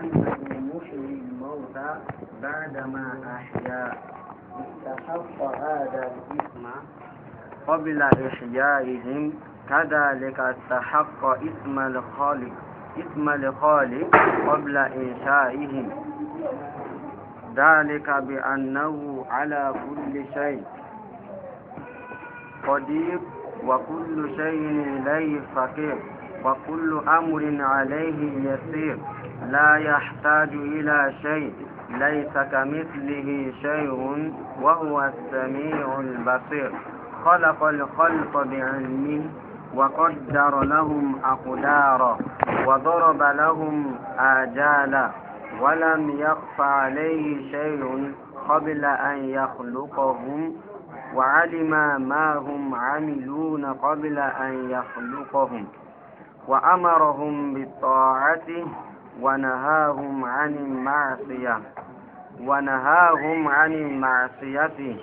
أنه محيي الموتى بعدما أحيا استحق هذا الإثم قبل إحيائهم كذلك استحق إثم الخالق إثم الخالق قبل إنشائهم ذلك بأنه على كل شيء قدير وكل شيء إليه فقير وكل أمر عليه يسير لا يحتاج إلى شيء ليس كمثله شيء وهو السميع البصير خلق الخلق بعلمه وقدر لهم أقدارا وضرب لهم آجالا ولم يخف عليه شيء قبل أن يخلقهم وعلم ما هم عملون قبل أن يخلقهم وأمرهم بطاعته ونهاهم عن المعصية ونهاهم عن المعصية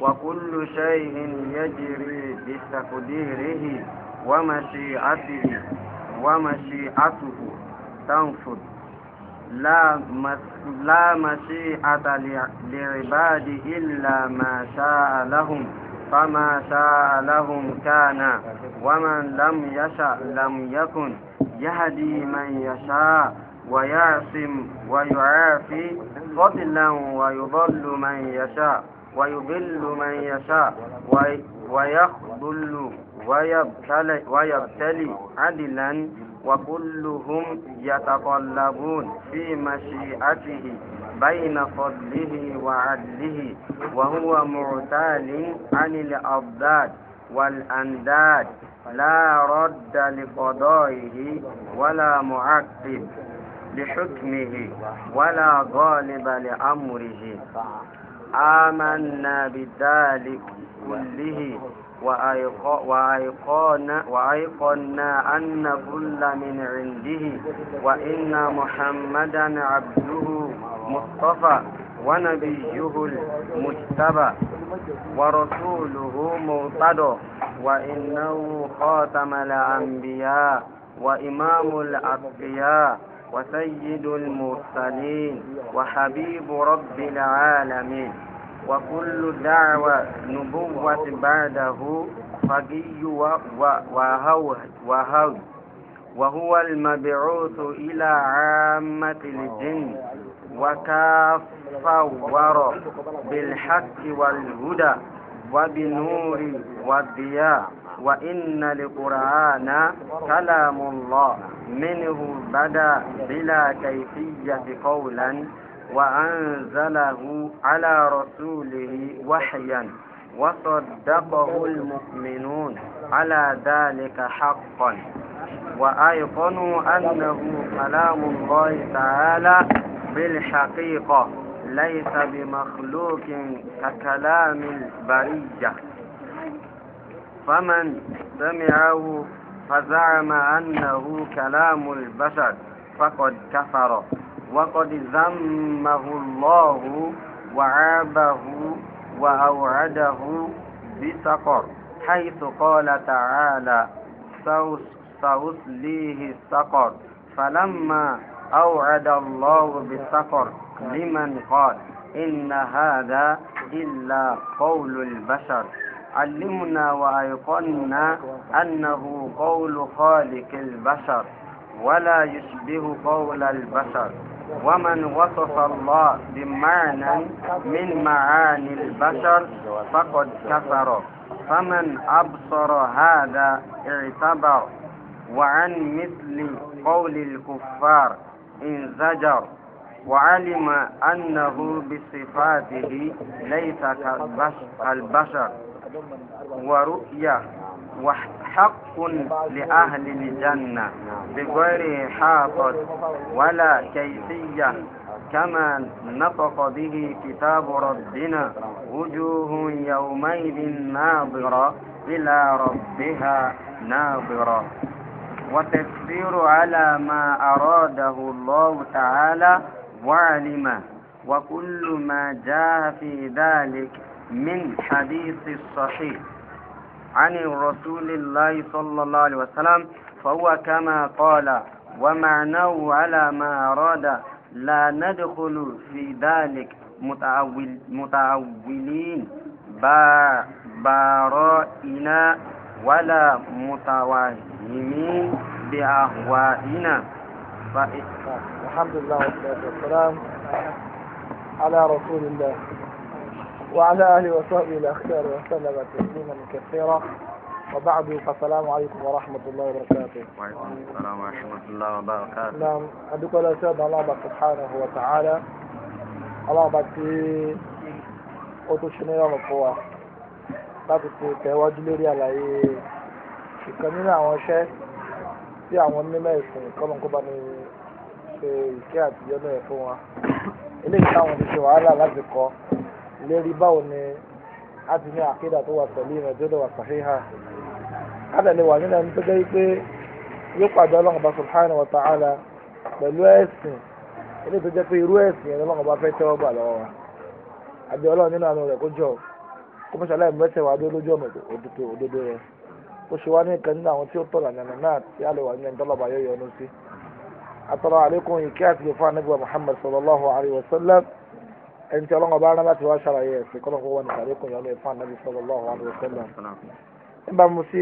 وكل شيء يجري بتقديره ومشيئته ومشيئته تنفذ لا لا مشيئة لعباد إلا ما شاء لهم فما شاء لهم كان ومن لم يشأ لم يكن يهدي من يشاء ويعصم ويعافي فضلا ويضل من يشاء ويضل من يشاء ويخذل ويبتلي, ويبتلي عدلا وكلهم يتطلبون في مشيئته بين فضله وعدله وهو معتال عن الأضداد والأنداد لا رد لقضائه ولا معقب لحكمه ولا غالب لأمره آمنا بذلك كله وأيقنا, وأيقنا أن كل من عنده وإن محمدا عبده مصطفى ونبيه المجتبى ورسوله مهتدى وإنه خاتم الأنبياء وإمام الأتقياء وسيد المرسلين وحبيب رب العالمين وكل دعوة نبوة بعده فقي وهو وهو وهو المبعوث إلى عامة الجن وكافور بالحق والهدى وبنور والضياء وإن القرآن كلام الله منه بدا بلا كيفية قولا وأنزله على رسوله وحيا وصدقه المؤمنون على ذلك حقا وأيقنوا أنه كلام الله تعالى بالحقيقة ليس بمخلوق ككلام البرية فمن سمعه فزعم أنه كلام البشر فقد كفر وقد ذمه الله وعابه وأوعده بسقر حيث قال تعالى سأصليه السقر فلما أوعد الله بالسقر لمن قال إن هذا إلا قول البشر علمنا وأيقنا أنه قول خالق البشر ولا يشبه قول البشر ومن وصف الله بمعنى من معاني البشر فقد كفر فمن أبصر هذا اعتبر وعن مثل قول الكفار انزجر وعلم أنه بصفاته ليس كالبشر ورؤيا وحق لأهل الجنة بغير حافظ ولا كيفية كما نطق به كتاب ربنا وجوه يومئذ ناظرة إلى ربها ناظرة وتكفير على ما أراده الله تعالى وعلمه وكل ما جاء في ذلك من حديث الصحيح عن رسول الله صلى الله عليه وسلم فهو كما قال ومعناه على ما أراد لا ندخل في ذلك متعول متعولين بارائنا ولا متوهمين بأهوائنا الحمد لله والصلاة والسلام على رسول الله وعلى آله وصحبه الأخيار وسلم تسليما كثيرا وبعد فالسلام عليكم ورحمة الله وبركاته وعليكم السلام ورحمة الله وبركاته نعم عندك ولا سيدنا الله سبحانه وتعالى الله بكي أتوشني يوم القوة láti ṣe tẹ̀wájú lórí àlàyé ìkan nínú àwọn iṣẹ́ tí àwọn mímọ́ ìsìn kọ́lọ́nkọ́ bá ní ṣe ìkẹ́ àtijọ́ náà fún wa eléyìí táwọn ti Leri báwo ni a ti ní àkídà tó wà pẹ̀lú ìrìn àjò lọ́wọ́ sàhíhà kádàlẹ́ wà nínú ẹni tó jẹ́ pé yóò pàdé ọlọ́run bá subhanahu wa ta'ala pẹ̀lú ẹ̀sìn ilé tó jẹ́ pé irú ẹ̀sìn ẹni ọlọ́run bá fẹ́ tẹ́wọ́ gbà lọ́wọ́ wa àbí ọlọ́run nínú àánú rẹ̀ kó jọ kó dé lójú ọ̀nà òdodo òdodo rẹ̀ ṣe wá ní ìkan nínú àwọn tí ó tọ̀ lànà náà tí sallallahu alayhi wa sallam ẹni tí ọlọ́run ọba arábàtì wá ṣàlàyé ẹ̀sìn kọ́nà kó wà ní sàréè kùn yọ̀ọ́nù ìfọ̀n nàbí sallallahu alaihi wasallam. nígbà mo sí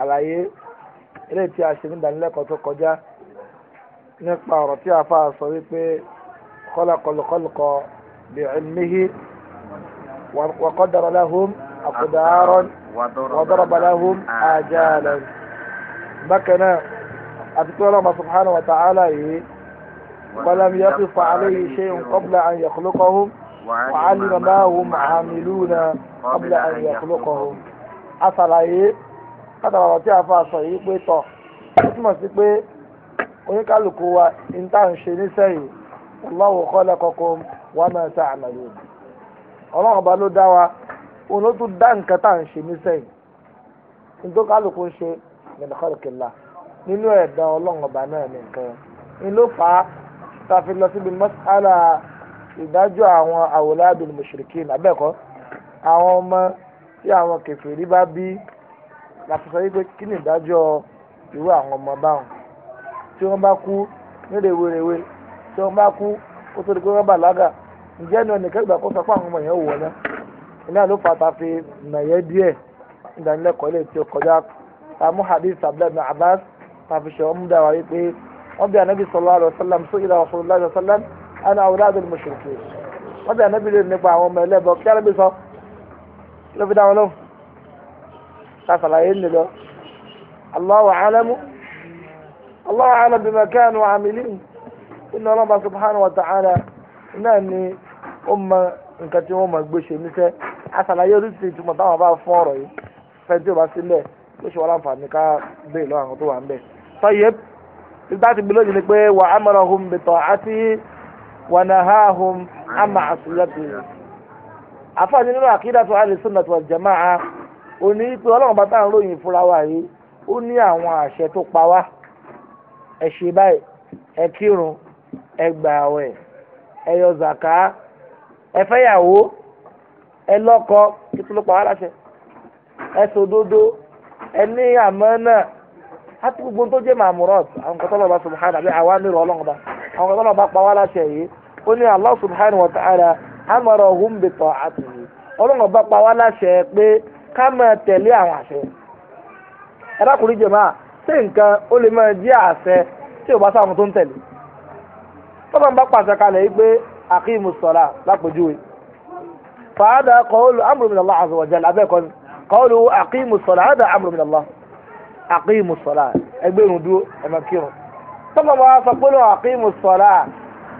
àlàyé eléyìí tí a ṣe ní ìdánilẹ́kọ̀ọ́ tó kọjá nípa ọ̀rọ̀ tí afa sọ wípé khalaqal khalqa bi'ilmihi wa qaddara lahum aqdaran wa daraba lahum ajalan. bákan náà àti pé ọlọ́run ولم يقف عليه شيء قبل أن يخلقهم وعلم ما هم عاملون قبل أن يخلقهم àṣàlàyé látara ọ̀rọ̀ tí a fa aṣọ yìí pé tọ̀ ó túmọ̀ sí pé oníkálukú wa ní tá à ń ṣe nísẹ̀yìn Allahu khalaqakum wa ma ta'malun ọlọ́run ọba ló dá wa òun ló tún dá nǹkan tá à ń ṣe nísẹ̀yìn nítorí kálukú ń ṣe min khalqillah nínú ẹ̀dá ọlọ́run ọba náà nìkan ni ló fà á tàfi lọ síbi mọ́sálà ìdájọ́ àwọn àwòládùn mùṣìríkìn abẹ́ẹ̀kọ́ àwọn ọmọ tí àwọn kèfèrí bá bí láti sọ wípé kí ni ìdájọ́ irú àwọn ọmọ báwọn tí wọ́n bá kú ní rèwerèwe tí wọ́n bá kú kó tó di pé wọ́n bàlágà ǹjẹ́ ni ọ̀nà ìkẹ́gbà kó sọ fún àwọn ọmọ yẹn wò ná iná ló fà fi nàyẹ́ díẹ̀ ìdánilẹ́kọ̀ọ́ lè ti kọjá tá hadith abdullahi abbas tá ṣe ọmúdàwá wípé wọ́n bí anabi sallallahu alaihi wasallam sọ ìlà rasulullah sallallahu alaihi wasallam ana awladul mushrikin wọ́n bí anabi lè nípa àwọn ọmọ ẹlẹ́bọ kí anabi sọ ló fi dá wọn lóhùn ká sàlàyé ń lọ Allahu a'lamu Allahu a'lamu bima kanu amilin inna Allah subhanahu wa ta'ala náà ni ó mọ nǹkan tí wọ́n mọ̀ gbé ṣe níṣẹ́ àṣàlàyé oríṣiríṣi ìtumọ̀ táwọn bá fún ọ̀rọ̀ yìí fẹ́ẹ́ tí ò bá sílẹ̀ ló ṣe wọ́n láǹfààní ká béè lọ́wọ́ àwọn tó wà ń bẹ̀. tọ́yẹ́ títà ti gbélé yìí ni pé wà á mọ̀ràn hum bìtọ̀ àti wà nà ha hum àmà àṣìlẹ̀tì. àfààní nínú àkídà tó àlè sùn nàtò jàmáà ó ní pé ọlọ́run bá táwọn ròyìn fúnra wa yìí ó ní àwọn àṣẹ tó pa wá ẹ ṣe báyìí ẹ kírun ẹ gbààwẹ̀ ẹ yọ zàká ẹ fẹ́yàwó ẹ lọ́kọ kí tó ló pa wá láṣẹ ẹ ṣòdodo ẹ ní àmánà àti gbogbo tó jẹ́ màmúrọ̀t àwọn kọ́tọ́ lọ́ba subhanahu àbí àwa nírọ̀ ọlọ́ngba àwọn kọ́tọ́ lọ́ba pa wá láṣẹ yìí ó ní Allah subhanahu wa ta'ala amara hum bi ta'atihi ọlọ́ngba pa wá láṣẹ pé ká máa tẹ̀lé àwọn àṣẹ. ẹ dákùnrin jẹ̀ máa ṣé nǹkan ó lè máa jẹ́ àṣẹ tí ò bá sáwọn tó ń tẹ̀lé. tọ́lá ń bá pàṣẹ kalẹ̀ yìí pé aqimu sọ̀la lápòjúwe. fàádà qawlu amru Allah azza wa jalla abẹ́ẹ̀kọ́ ni qawlu aqimu Allah. aqimu ẹgbẹ́rún dúró ẹ máa sọ pé lóun aqimu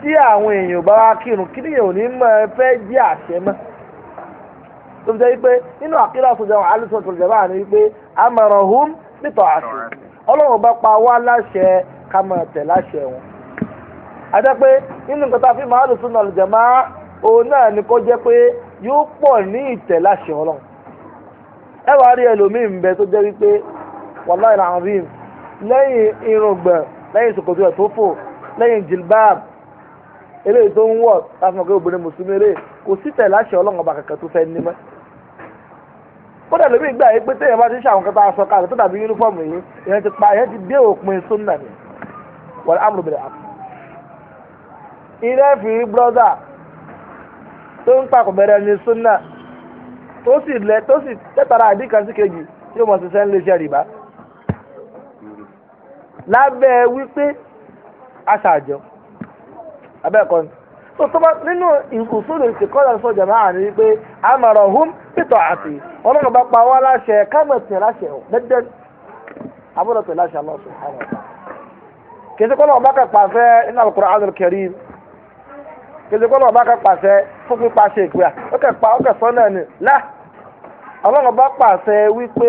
tí àwọn èèyàn bá wá kírun kí nìyẹn ò ní máa fẹ́ jí àṣẹ mọ́ tó jẹ́ wípé nínú àkírà àfojọ́ àwọn ìjọba wípé nítọ̀ àṣẹ ọlọ́run bá pa wá láṣẹ wọn. àti pé nínú nǹkan tá a fi máa lò sínú òun pé yóò pọ̀ ní ìtẹ̀ láṣẹ ọlọ́run ẹ wàá bẹ tó jẹ́ wípé wàláì làwọn lẹ́yìn irùngbọ̀n lẹ́yìn ṣòkòtò ẹ̀ tó fò lẹ́yìn jilbab eléyìí tó ń wọ̀ láti mọ̀ pé obìnrin mùsùlùmí eléyìí kò sí tẹ̀lé àṣẹ ọlọ́run ọba kankan tó fẹ́ ní mọ́. kódà lómi ìgbà yìí pé téèyàn bá ti ń ṣe àwọn kan tá a sọ kalẹ̀ tó dàbí yúnífọ̀mù yìí ìyẹn ti pa ìyẹn ti dé òpin sunna ni wal amru bil àpò. ilé fi brọ́dà tó ń pa kọ̀bẹ̀rẹ̀ ní sunna tó sì lẹ tó sì tẹ́tara àdìkan sí kejì yóò mọ̀ ṣiṣẹ́ ńlẹ̀ rìbá lábẹ́ wípé aṣàjọ abẹ́ẹ̀kọ́ ni so tó bá nínú ìkùsùlù ìsìnkọ́lá sọ jàmáà ni wípé àmọ̀ràn hum pítọ̀ àti ọlọ́run bá pa wá láṣẹ kámẹ̀tì láṣẹ ọ̀ dẹ́dẹ́ abúlọ̀tì láṣẹ Allah subhanahu wa kìsì kọ́lọ̀ ọba pàṣẹ kìsì kọ́lọ̀ ni lá ọlọ́run bá pàṣẹ wípé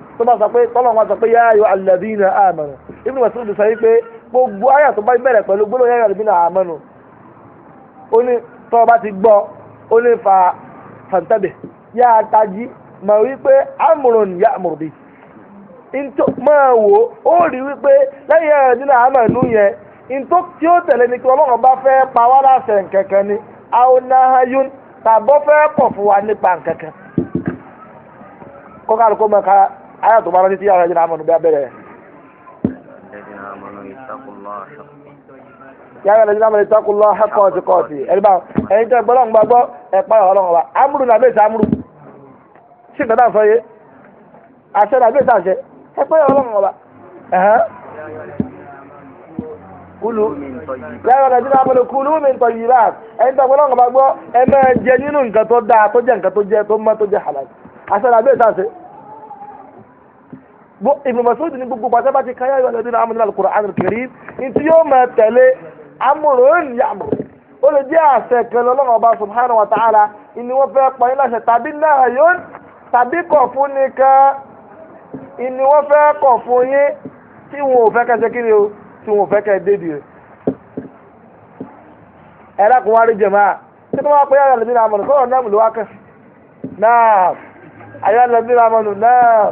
tó bá sọ pé tọ́lọ̀ wọn sọ pé yá ayọ̀ alladhina amanu Ibn Mas'ud sọ yìí pé gbogbo ayà tó bá bẹ̀rẹ̀ pẹ̀lú gbólóhùn yá ayọ̀ alladhina amanu ó ní tọ́ ọ bá ti gbọ́ ó ní fa fàǹtàbẹ̀ yá atají mà wí pé amrun yá àmùrùbí máa wò ó rí wípé lẹ́yìn alladhina amanu yẹn ntó tí ó tẹ̀lé ni kí ọlọ́run bá fẹ́ pa wá láṣẹ nkankan ni aonahayun tàbọ́ fẹ́ pọ̀ fún ayé àtọ́ bára títí yàrá ìjìnlẹ̀ amọ̀nù bí abẹ́rẹ́. yàrá ìjìnlẹ̀ amọ̀nù ìtakùnlọ́ hakọ́ọ̀tì kọ́ọ̀tì ẹ̀rí bá ẹ̀yin tẹ́ gbọ́dọ̀ ń gbàgbọ́ ẹ̀ pààyà ọlọ́run wa amúrù nàbẹ́ ìta amúrù sí nǹkan sọ yé àṣẹ nàbẹ́ ìta àṣẹ ẹ̀ pààyà ọlọ́run wa kulu lára ẹ̀jẹ̀ náà kulu mi tọ̀ yìí rà ẹ̀yin tó gbọ́dọ̀ ń gbàgbọ́ ẹ Ibn Mas'ud ní gbogbo pàṣẹ bá ti káyà ìwà lẹ́dínlá amúnilá al-Qur'an al-Karim ntí yóò máa tẹ̀lé amúrún yàmùrún ó lè jẹ́ àṣẹ kan lọ́lọ́run ọba subhanahu wa ta'ala ìní wọ́n fẹ́ pa yín láṣẹ tàbí náà yóò tàbí kọ̀ fún nìkan ìní wọ́n fẹ́ kọ̀ fún yín tí wọn ò fẹ́ kẹsẹ́ kiri o tí wọn ò fẹ́ kẹ débi o. ẹ̀rọ kò wá rí jẹ̀mọ́ tí wọ́n wá pé ayọ̀ lẹ́bí náà kọ́ ọ̀nà ìlú wa náà ayọ̀ lẹ́bí náà náà.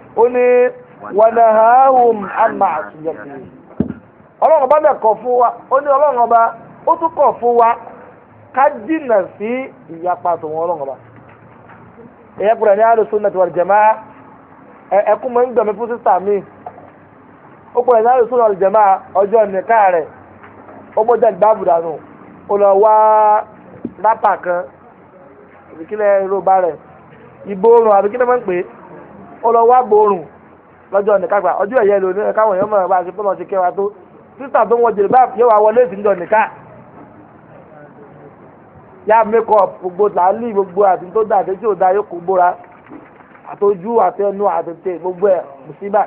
ó ní wànàhàhùn àmà àtúnyẹ̀tì ọlọ́run ọba bẹ̀ kọ̀ fún wa ó ní ọlọ́run ọba ó tún kọ̀ fún wa ká jìnnà sí ìyapa tòun ọlọ́run ọba ẹ̀yẹ́ kúrẹ̀ ní àlùsùn náà ti wà jẹ̀má mọ̀ ń gbẹ̀mí fún sísà mi ó kúrẹ̀ ní àlùsùn náà jẹ̀má ọjọ́ nìka rẹ̀ ó gbọ́dọ̀ ìgbàbù dànù ó lọ wá kan ìbíkílẹ̀ rẹ̀ ọlọ́wọ́ àgbòrùn lọ́jọ́ nìka gbà ọjọ́ ẹ̀yẹ lónìí ẹ̀ka wọ̀nyẹn mọ̀ bá a ṣe fọlọ́ ti kẹwàá tó sísà tó ń wọjẹ bá yẹ wà wọlé sí ńjọ nìka yá make up gbogbo làálì gbogbo àti tó dà àti tí ò da yóò kó bóra àtọjú àti ẹnu àtẹtẹ gbogbo ẹ mùsíbà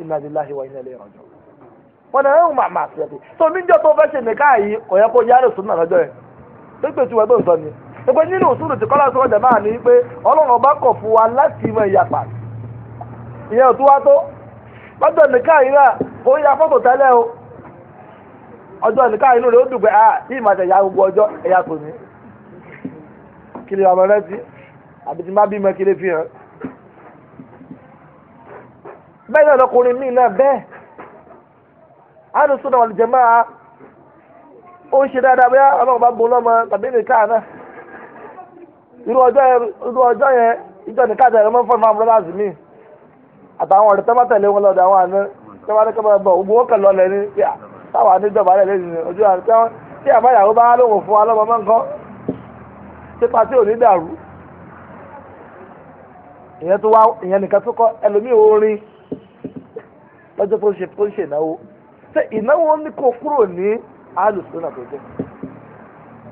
inna lillahi wa inna ilayhi raji'un wọn náà ń màmá àti ẹtì tó níjọ tó fẹ́ ṣe nìka yìí kò yẹ kó yára sùn náà lọ́jọ́ yẹn pépè tí wọ́n tó sọ ni. gbogbo nínú òṣùlù tí kọ́lá sọ́kọ́ jẹ̀máà ní pé ọlọ́run ọba kọ̀ fún wa láti mọ ìyapa ìyẹn ò tún wá tó lọ́jọ́ nìkan yìí náà ya fọ́tò tẹ́lẹ̀ o ọjọ́ nìkan yìí náà ó ah, gbogbo ọjọ́ ẹ̀yà tó ní kiri ọmọ rẹ ti àbí ti má fi hàn bẹ́ẹ̀ náà lọkùnrin míì náà bẹ́ẹ̀ àdùsùn náà wal jamaa ó ń ṣe dáadáa bóyá ọlọ́run bá irú ọjọ́ yẹn ìjọ ní káàtà ẹ̀rọ máa ń fọ́ ìfọ̀n brothers mi àtàwọn ọ̀rẹ́ tẹ́bá tẹ̀lé wọn lọ́dọ̀ àwọn àná tẹ́bá ní kọ́mọ bọ̀ gbogbo kàn lọ́lẹ̀ ní táwọn àníjọba rẹ̀ lẹ́yìn ojú àná tí àbáyàwó bá lóhùn fún wa lọ́mọ máa ń kọ́ sípa tí ò ní dàrú ìyẹn tó wá ìyẹn nìkan tó kọ́ ẹlòmíì orin lọ́jọ́ tó ń ṣe ìnáwó ṣe ìnáwó ní kó kúrò ní àlùsùn tó jẹ́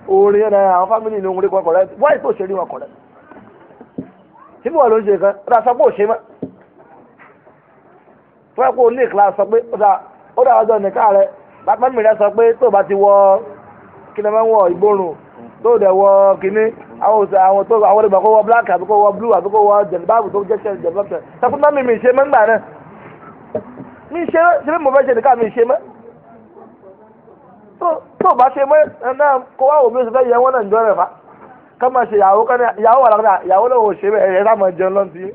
orin ẹ̀ àwọn fámìlì ní orin kan kọ̀rẹ́ wáyé tó ṣe rí wọn kọ̀rẹ́ tí mo wà ló ń ṣe kan ó dà sọ pé ò ṣe mọ́ tó yẹ kó o ní ìkìlá sọ pé ó dà ó dà ọjọ́ nìkan rẹ bàtàmì rẹ sọ pé tó o bá ti wọ kíni máa ń wọ ìgbórùn tó o dẹ̀ wọ kíní àwọn òsè àwọn tó àwọn olùgbà kó wọ black àbí kó wọ blue àbí kó wọ jẹ̀lúbáàbù tó jẹ́ jẹ̀lúbáàbù sọ fún mọ́mí mi ṣe mọ́ ńgbà náà mi ṣe ṣe bí mo fẹ́ ṣe nìkan mi ṣe mọ́ tó bá ṣe mọ́ náà kó wá òbí oṣù fẹ́ yẹ wọ́n náà ń jọ rẹ̀ fa ká máa ṣe ìyàwó kan náà ìyàwó wà lákàtà ìyàwó náà ò ṣe bẹ́ẹ̀ ẹ̀ sáà máa jẹun lọ́n ti ẹ̀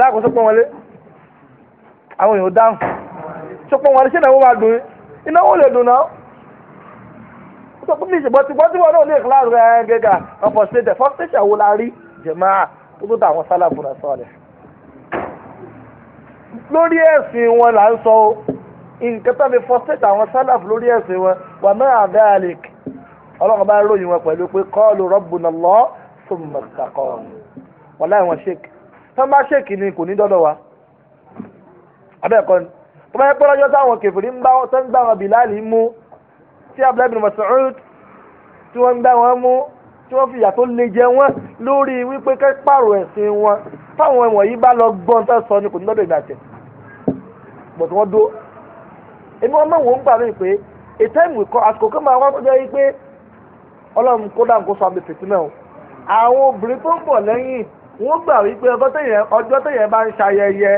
lákòóso pọ́n wọlé àwọn èèyàn dáhùn tó pọ́n wọlé ṣé ìnáwó máa dùn ìnáwó lè dùn náà ó sọ pé mi ìṣègbọ́n tí wọ́n tí wọ́n náà ní ìkíláàrú ẹ̀ gẹ́gà ọ̀pọ̀ ṣètẹ̀ fọ́sítẹ̀ṣẹ̀ wo la rí jẹ̀máà ó tó dá àwọn sálàbù náà sọ̀rọ̀ sọ nǹkan tó ń fi fọ́sẹ̀tì àwọn sálàf lórí ẹ̀sìn wọn wà máa dáàlìk ọlọ́run bá ròyìn wọn pẹ̀lú pé kọ́ọ̀lù rọ́bùnà lọ́ sọmọ̀tàkọ́ wọn láì wọn ṣèkì tó ń bá ṣèkì ni kò ní dọ́dọ̀ wa abẹ́ẹ̀kọ́ ni tó bá yẹ pé lọ́jọ́ táwọn kẹfìrí ń bá wọn tó ń gbà wọn bìláàlì mú tí abdullahi bin Mas'ud tí wọ́n ń gbà wọn mú tí wọ́n fi ìyà tó le jẹ wọ́n lórí wípé kẹ́ pààrọ̀ ẹ̀sìn wọn táwọn wọ̀nyí bá lọ gbọ́n tó sọ ni kò ní dọ́dọ̀ ìgbà tẹ̀ bọ̀tún wọn dúró èmi wọn mẹ́wọ̀n ń gbà mí pé a time we call àsìkò kan máa wá tọ́jú ayé pé ọlọ́run kó dáa nǹkó sọ àmì fìtínà o àwọn obìnrin tó ń bọ̀ lẹ́yìn wọ́n gbà wípé ọjọ́ tẹ̀yẹ̀ bá ń ṣayẹyẹ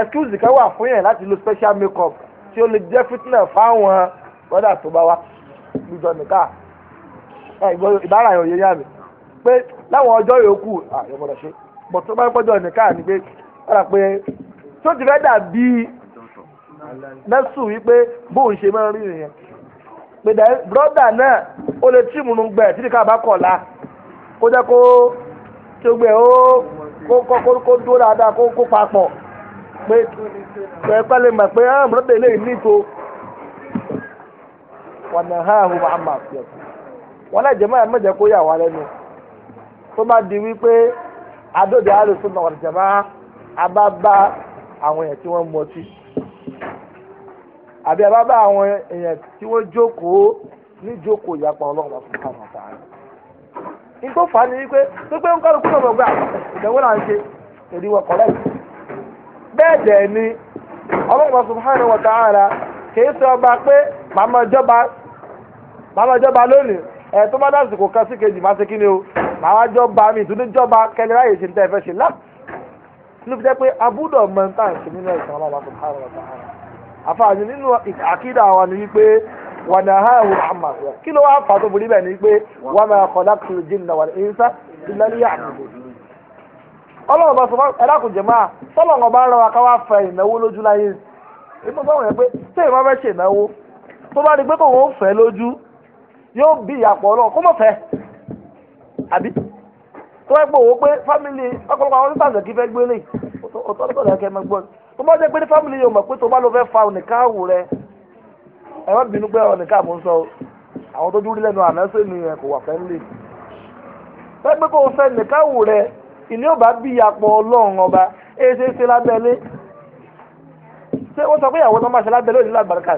excuse kan wà fún yẹn láti lo special makeup tí ó lè jẹ́ fìtínà fáwọn bọ́dà tó bá wá lùjọ nìkan ìbára yẹn ò yé yá mi pé láwọn ọjọ́ yòókù àyọ̀bọ̀dọ̀ ṣe bọ̀ tó bá ń pọ́jọ́ nìkan ni pé ó rà pé tó ti fẹ́ dà bíi nẹ́sù wípé bóun ṣe máa ń rí nìyẹn pèdà brọ́dà náà ó lè tí ìmúnú gbẹ títí ká bá kọ̀ la kó jẹ́ kó tó gbẹ ó kó kó kó dúró dáadáa kó kó papọ̀ pé pé pẹ́lẹ́ mọ̀ pé hàn ah, brọ́dà eléyìí níto wọn náà hàn áhùn máa mà fi ẹ̀sìn wọn náà jẹ́ máa mẹ́jẹ kó yà wá lẹ́nu tó bá di wípé adóde àlùsùn náà wà jẹ́ máa abá bá àwọn èèyàn tí wọ́n mú ọtí àbí ẹ bá bá àwọn èèyàn tí wọ́n jókòó níjókòó ìyapa ọlọ́run bá fún káwọn ọ̀tá rẹ̀. nígbà fà á ni wípé tó pé ń kọ́ lóko lọ́gbọ̀n gbà ìdánwò là ń ṣe èdè wọn kọ́lẹ́ yìí. bẹ́ẹ̀ dẹ̀ ni ọlọ́run bá subhanahu wa ta'ala kìí sọ ọba pé màmá jọba lónìí ẹ̀ tó bá dásìkò kan sí kejì má ṣe kí ni o màá jọba mi ìtúndí jọba kẹlẹ́ ráyè ṣe ń tẹ́ ẹ fẹ́ ṣe lá ló fi jẹ́ pé abúdọ̀ mọ̀ ń tà ń ṣe nínú ẹ̀sán ọlọ́run bá subhanahu wa ta'ala. àfààní nínú àkídà wa ni wípé wà ní àmà kí ló wá fà tó burú bẹ́ẹ̀ ni wípé wà máa kọ̀dá kìlú jìnnà wà ní ìsá ìlànìyà àdúgbò. ọlọ́run bá sọ máa bá ń rọ wa ká wá fẹ ìnáwó lójú láyé ṣe ìnáwó tó bá pé kò wọ́n fẹ́ lójú yóò bí ìyàpọ̀ ọlọ́run kó mọ̀ fẹ́ àbí tó wá pé fámìlì tó bá jẹ́ pé ní fámìlì yóò mọ̀ pé tó bá lọ fẹ́ fa ònìkà àwò rẹ ẹ má bínú pé ònìkà mò ń sọ àwọn tó dúró lẹ́nu àná sí ni kò wà fẹ́ńlì pẹ́pẹ́ kó o fẹ́ ònìkà àwò rẹ ìní ò bá bí apọ̀ ọlọ́run ọba èyí ṣe é ṣe lábẹ́lé ṣé wọ́n sọ pé ìyàwó tó máa ṣe lábẹ́lé òní lágbàrúkà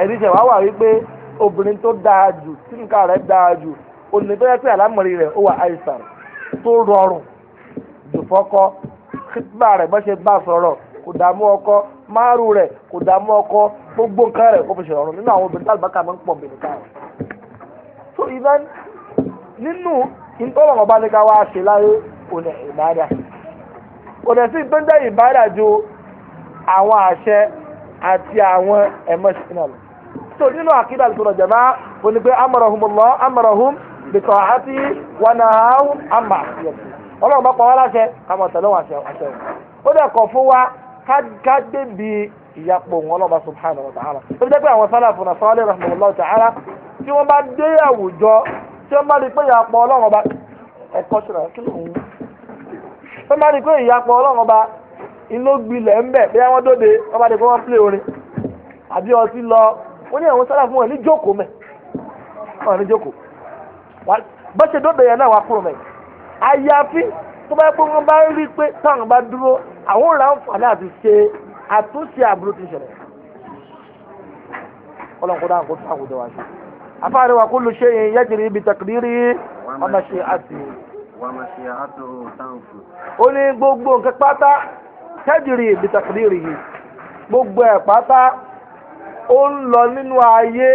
ẹ̀rí ṣe wá wà wípé obìnrin tó dáa jù tí nǹkan rẹ̀ dáa jù òní tó yẹ kìtìbà rẹ̀ bó ṣe bá kò dààmú ọkọ márù kò dààmú ọkọ gbogbo nǹkan kò fi nínú àwọn obìnrin tálùbákà máa ń pọ̀ bìnrin káà so ìbẹ́ni nínú ìtọ́lọ̀ ọba ní ká wá ṣe láyé ònà ìbádà ònà sí tó ń jẹ́ ìbádà ju àwọn àṣẹ àti àwọn lọ. nínú àkídà jẹ̀má ọlọ́run bá pa wá láṣẹ ká máa tẹ̀lé wọn àṣẹ wa ká débi ọlọ́run bá subhanahu wa ta'ala ó jẹ́ pé àwọn sálàfù náà sọ́ọ́lẹ̀ rahmanullah ta'ala tí wọ́n bá dé àwùjọ tí wọ́n bá rí pé ọlọ́run ọba ẹ̀kọ́ kí ló ń wú tí wọ́n bá rí pé ọba inú gbilẹ̀ ń bẹ̀ bí wọ́n dóde wọ́n bá lọ wọ́n ní àyàfi tó bá yẹ pé wọ́n bá rí i pé táwọn bá dúró àwọn ò ráǹfààní àti ṣe àtúnṣe àbúrò ti ṣẹlẹ̀ ọlọ́run kó dáhùn kó tún àwùjọ wa ṣe afáàrí wa kullu shay'in yajri bi taqdirihi wa mashi'atihi. wa mashi'atuhu tanfu. ó ní gbogbo nǹkan pátá yajri bi taqdirihi gbogbo ẹ̀ pátá ó ń lọ nínú ayé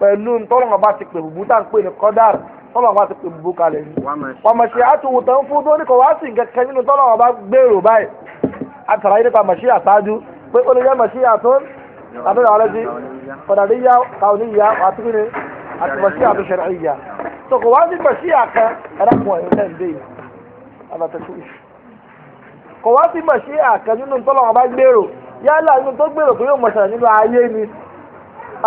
pẹ̀lú ntọ́lọ́mọba ti pè bùbú tá à ń pè ní kọ́dàrì tọ́lọ̀ wa ti pè bú kalẹ̀ ni ọmọṣe àtúwò tó ń fún tó ní kò wá sí nǹkan kan nínú tọ́lọ̀ wa bá gbèrò báyìí àtàrà yìí nípa mọ̀ṣí àṣáájú pé ó lè yẹ mọ̀ṣí àtún tàbí àwọn ọlọ́jì kọ̀dàdíyà kàwọ́níyà àtúwìnrin àti mọ̀ṣí àtúnṣẹ̀rẹ̀ ìyà tó kò wá sí mọ̀ṣí àkan ẹ̀rọ pọ̀ ẹ̀yìn tẹ̀ ń dé yìí abatẹ́kù kò wá sí mọ̀ṣí àkan nínú tọ́lọ̀ wa bá gbèrò yálà nínú tó gbèrò pé yóò mọ̀ṣẹ̀rẹ̀ nínú ayé ni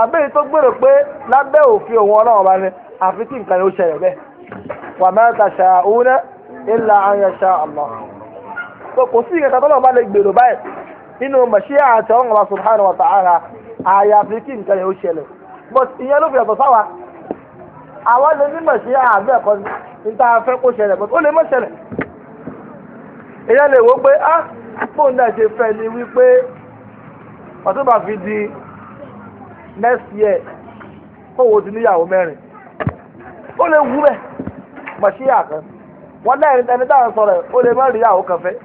àbẹ́yìí tó gbèrò pé lábẹ́ òfin òun ọlọ́run ọba ni àfi tí nǹkan yóò ṣẹlẹ̀ bẹ́ẹ̀ wà máa ta ṣàhúnà ilà àyàn ṣá àmọ́. kò sí ìkẹta tó lọ́wọ́ bá lè gbèrò báyìí nínú màṣíà àti ọ̀hún ọba subhanahu wa ta'ala àyàfi tí nǹkan yóò ṣẹlẹ̀ but ìyẹn ló fi ọ̀tọ̀ sáwà àwa lè ní màṣíà àbí ẹ̀kọ́ níta fẹ́ kó ṣẹlẹ̀ but ó lè má ṣẹlẹ̀ ìyẹn lè wò pé ah fóun náà ṣe fẹ́ ni wípé ọtún bá fi di next year kówó ti níyàwó mẹ́rin ó lè wú bẹ́ẹ̀ màṣíyà kan wọ́n náà ẹni táwọn sọ̀rọ̀ ó lè má rí àwọn kan fẹ́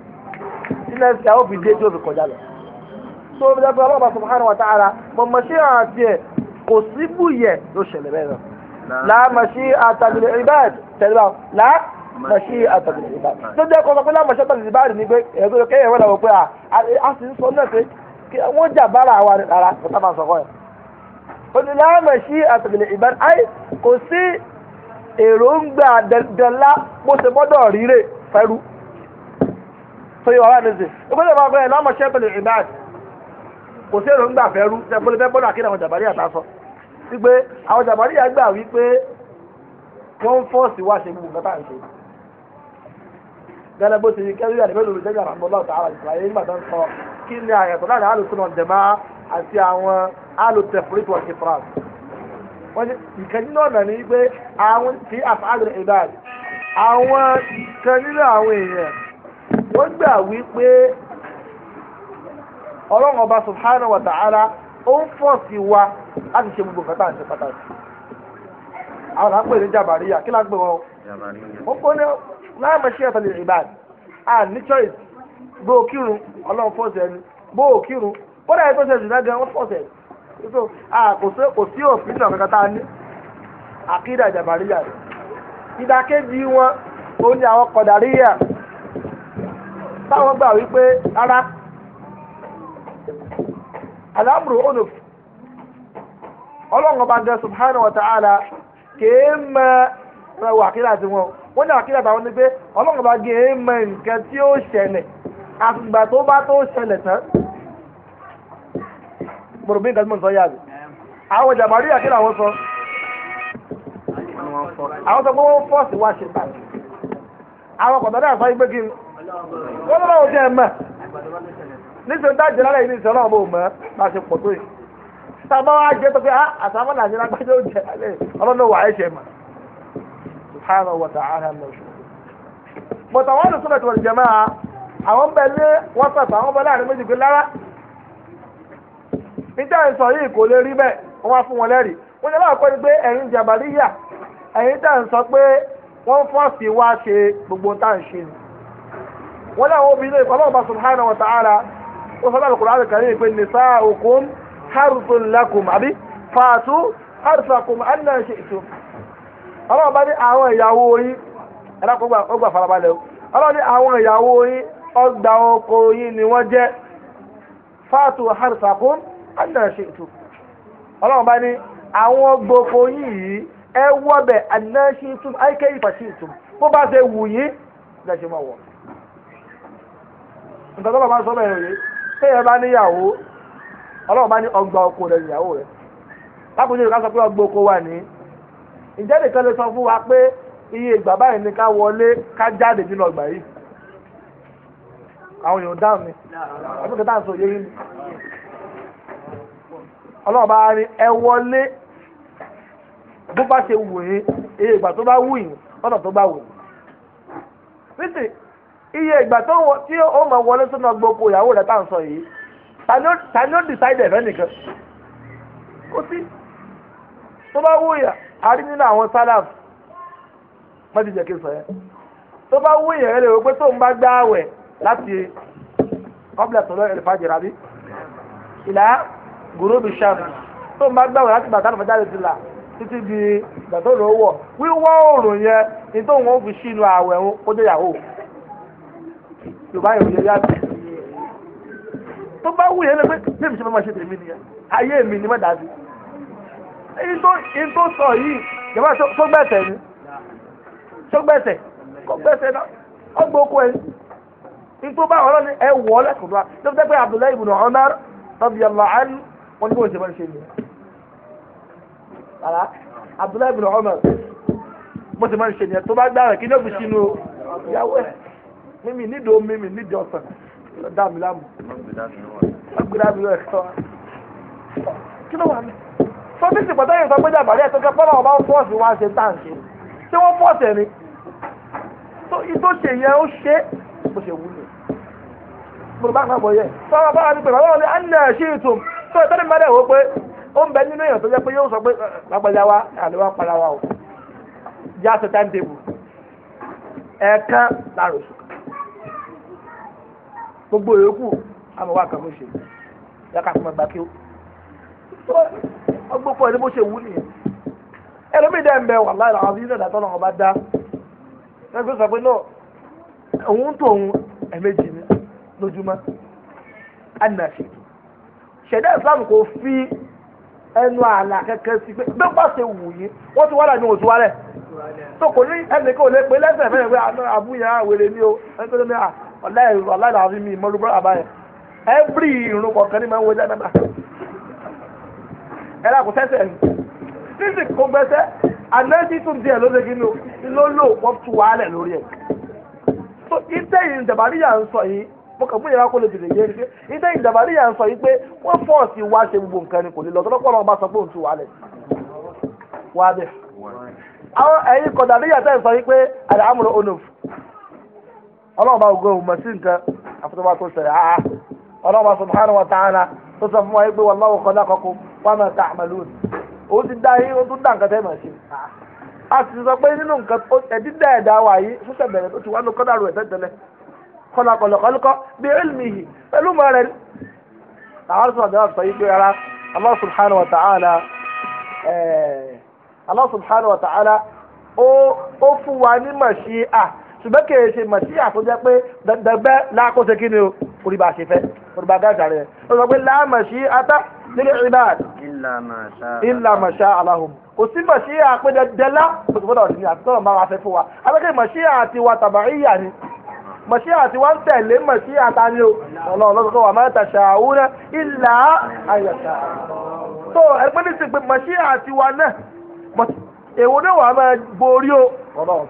ilé ẹsẹ̀ àwọn òbí dé tí ó fi kọjá lọ. tó o bí dẹ́gbẹ́ ọlọ́pàá subhanahu wa ta'ala mọ̀ màṣíyà àti ẹ̀ kò sí búyẹ̀ ló ṣẹlẹ̀ bẹ́ẹ̀ náà la mashi'ata lil ibad tẹ̀lé la mashi'ata lil ibad tó jẹ́ kó sọ pé la mashi'ata lil ibad ni pé ẹ̀rọ kéèyàn wọ́n làwọn pé a sì ń sọ náà pé wọ́n jà bára wa rárá kó sábà sọ̀kọ́ yẹn. ó ní la mashi'ata lil ibad ayé kò sí èròǹgbà dẹ̀dẹ̀lá bó ṣe gbọ́dọ̀ ríre fẹ́rú tó yẹ wàhálà nìyí ìgbésẹ̀ máa bẹ̀rẹ̀ láwọn ṣẹ́ pẹ̀lú ìbáàd kò sí èròǹgbà fẹ́rú ṣẹ́pẹ́lú fẹ́ gbọ́dọ̀ àkíní àwọn a àtàsọ wípé àwọn jàbárí àgbà wípé wọ́n ń fọ́ọ̀sì wá ṣe gbogbo nǹkan tá gẹ́lẹ́ bó ti kẹ́rù yàrá ìbẹ́lú olùjẹ́gà àmọ́ lọ́wọ́ tààrà ìsìláyé nígbà tó ń sọ kí ni àyẹ̀tọ̀ láàrin alùsùn ọ̀dẹ̀má àti àwọn alùtẹ̀fúrítù ọ̀sìn France wọ́n ṣe nínú ọ̀nà ni pé àwọn tí àfáàlù ìbáàdì àwọn ìkan nínú àwọn èèyàn wọ́n gbà ọlọ́run ọba subhanahu wa ta'ala ó ń wa gbogbo nǹkan tá à ṣe àwọn àpò èdè jàbàríyà kí lágbè wọn ó ní ṣe lè ní choice bó o kírun ọlọ́run ẹni bó o kírun tó ṣe so kò sí òfin náà kankan tá a ní àkídà jàbàríyà rẹ̀ ìdákéjì wọn ó ní àwọn kọ̀dàríyà táwọn gbà wípé rárá alámùrù onuf ọlọ́run ọba jẹ́ subhanahu wa ta'ala kèé mọ ẹwà àkídà tí wọn wọ́n ní àkídà táwọn ní pé ọlọ́run ọba kèé mọ nǹkan tí ó ṣẹlẹ̀ àtùgbà tó mọ̀rọ̀ bí nǹkan a mo a yá a àwọn jàmàríyà kí làwọn sọ àwọn sọ pé wọ́n na wá ṣe tà àwọn kọ̀tà náà sọ pé kí n wọ́n lọ́wọ́ ojú ẹ̀ yìí a tó pé ah, àtàwọn náà ṣe wa tí wọ́n ti jẹ àwọn wọ́n sọ̀tọ̀ àwọn méjì pé lára níta ẹ̀ sọ yìí kò lè rí bẹ́ẹ̀ wọ́n wá fún wọn lẹ́rìí wọ́n ni pé ẹ̀yin jàbàlíyà ẹ̀yin tá ń sọ pé wọ́n gbogbo tá ń ṣe ni wọ́n ní obìnrin ìpamọ́ ọba subhanahu wa ta'ala ó sọ láti kùrọ̀ àdìkàrí pé nisa'ukum harthun lakum àbí fàtú harthakum anna shi'tum bá ní àwọn ìyàwó yín ẹ̀rọ ó gbà farabalẹ̀ o ní àwọn ìyàwó yín ọgbà ni wọ́n anna ṣètò ọlọ́run bá ní àwọn gbogbo yín yìí ẹ wọ́bẹ̀ anna ṣètò àìkè ìfàṣètò bó bá ṣe wù yín lè ṣe máa wọ̀. nǹkan tó bá máa sọ bẹ́ẹ̀ rèé téèyàn bá níyàwó ọlọ́run bá ní ọgbà ọkọ rẹ̀ níyàwó rẹ̀ lákòóso ìka sọ pé ọgbà ọkọ wà ní. ǹjẹ́ nìkan lè sọ fún wa pé iye ìgbà báyìí ni ká wọlé ká jáde nínú ọgbà yìí àwọn èèyàn dáhùn ni àbúkẹ́ dáhùn sọ yẹ́yìn ni ọlọ́ọ̀bá rí ẹ wọlé bó bá ṣe wù yín iye ìgbà tó bá wù yín ọ̀nà tó bá wù yín. nísì iye ìgbà tó wọ tí ó mọ̀ wọlé sínú gbogbo ìyàwó rẹ̀ tá à ń sọ yìí ta ni ó decide ẹ̀fẹ́ nìkan kó sí tó bá wù yà á rí nínú àwọn sálàf má ti jẹ́ kí n sọ yẹn tó bá wù yà ẹ lè wọ pé tóun bá gbá àwẹ̀ láti kọ́bílẹ̀ tó lọ́ọ́ ẹ̀rẹ̀fà àbí ìlà gòrò bí sàmù tó ń bá gbàwé láti bàtà lọ́fẹ́ jáde ti là títí di ìgbà tó lò ó wọ̀ wíwọ́ òòrùn yẹn ní tó ń wọ́n fi sínú àwẹ̀ ń kó dé yàwó yorùbá yòó yẹ yàtọ̀ tó bá wù yẹn lẹ́gbẹ́ bẹ́ẹ̀ mi ṣe fẹ́ máa ṣe tèmi nìyẹn ayé mi ni mẹ́ta sí i tó sọ yìí jàmbá tó gbẹ̀sẹ̀ ni tó gbẹ̀sẹ̀ kó gbẹ̀sẹ̀ náà ọgbọ́n kó ẹ ní tó bá ọlọ́ni ẹ wọ̀ ọ́ lẹ́kùnrin wa ló fi dẹ́gbẹ́ Abdullahi ibn Umar radiyallahu anhu wọ́n ní bó ṣe máa ń ṣe ni rárá Abdullahi bin Umar bó ṣe máa ń ṣe ni tó bá gbá rẹ̀ kí ní òfin sínú ìyàwó ẹ̀ mímì nídòó mímì nídìí ọ̀sán dá mi láàmú ọgbẹ́dá mi lọ ẹ̀kọ́ kí ló wà ní. sọ́fíìsì pàtàkì sọ pé dàbàlẹ̀ tó kẹ́ fọ́nà ọba fọ́ọ̀sì wá ṣe tá à ń ṣe ṣé wọ́n fọ́ọ̀sì ẹ̀ ni tó ṣe yẹn ó ṣe bó ṣe wúlò. mo bá kàn bọ̀ yẹ fọ́nà bá wà ní pẹ̀lú àwọn tó ìtọ́ni a wò pé ó ń bẹ nínú èèyàn tó jẹ́ pé yóò sọ pé lágbàjá wa àlewà para wa o já sí time table ẹ̀ẹ̀kan láàrọ̀ oṣù gbogbo yòókù àmọ́ wà kàn ṣe yàtọ̀ àti màgbà kí ó ọgbọ́n pọ̀ bó ṣe wú nìyẹn ọba dá sọ pé náà òun tó òun ṣẹ̀dá islam kò fi ẹnu àlà kẹ̀kẹ́ sí pé bí wọ́n bá ṣe wù yín wọ́n ti wálẹ̀ ní oṣù wálẹ̀ tó kò ní ẹnì kan ò lè pé lẹ́sẹ̀ fẹ́rẹ̀ pé àbúyẹ àwèrè ni o ẹni tó ní ọ̀láìláàbí mi mọ́lú bọ́lá àbáyẹ every irun kọ̀ọ̀kan ní máa ń wọjá náà ẹ̀rọ àkùsẹ́sẹ̀ nísì kò gbẹ́sẹ́ ànájí tún díẹ̀ ló ṣe kí ni ló lò wọ́n tu wálẹ̀ so ìtẹ̀yìn ìjàmbá níyà ń sọ mo kàn fún ìyàrá kó lè tètè yé ni pé iṣẹ́ ṣe gbogbo nǹkan ni kò lè lọ tọ́lọ́pọ̀ lọ́wọ́ bá sọ pé òun ti wà lẹ̀ wá bẹ̀. àwọn ẹ̀yin yìí pé àdá onuf ọlọ́run bá gbogbo nǹkan tó subhanahu wa ta'ala tó sọ fún wa yìí pé wallahu khalaqakum wa ma ta'malun òun ti dá yín tún dá nǹkan tẹ́ sí a sì sọ pé nínú nǹkan kọlọkọlọ kọlọkọ bí ilmihi pẹ̀lú mọ rẹ àwọn sọ̀rọ̀ dáhùn sọ yìí pé ara Allah subhanahu wa ta'ala eh, Allah subhanahu wa ta'ala ó fún wa ní màṣíà ṣùgbọ́n kì í ṣe màṣíà tó jẹ́ pé dandanbẹ́ lákòóso kí ni o orí bá ṣe fẹ́ orí bá dáhùn sàrẹ̀ ó sọ pé láàmàṣí ata nílé ibad illa ma sha kò sí màṣíà pé dandanlá kò sí gbọ́dọ̀ ní àtúntò máa wá fẹ́ fún wa abẹ́kẹ́ màṣíà àti wa tàbí mọ̀sí àti wọ́n tẹ̀lé mọ̀sí àtàní o ọ̀nà ọlọ́sọ̀kọ̀ wà máa tàṣà ila ìlà àyàtà tó ẹgbẹ́ ní sèpè mọ̀sí àti wa náà èwo náà wà máa borí o alahum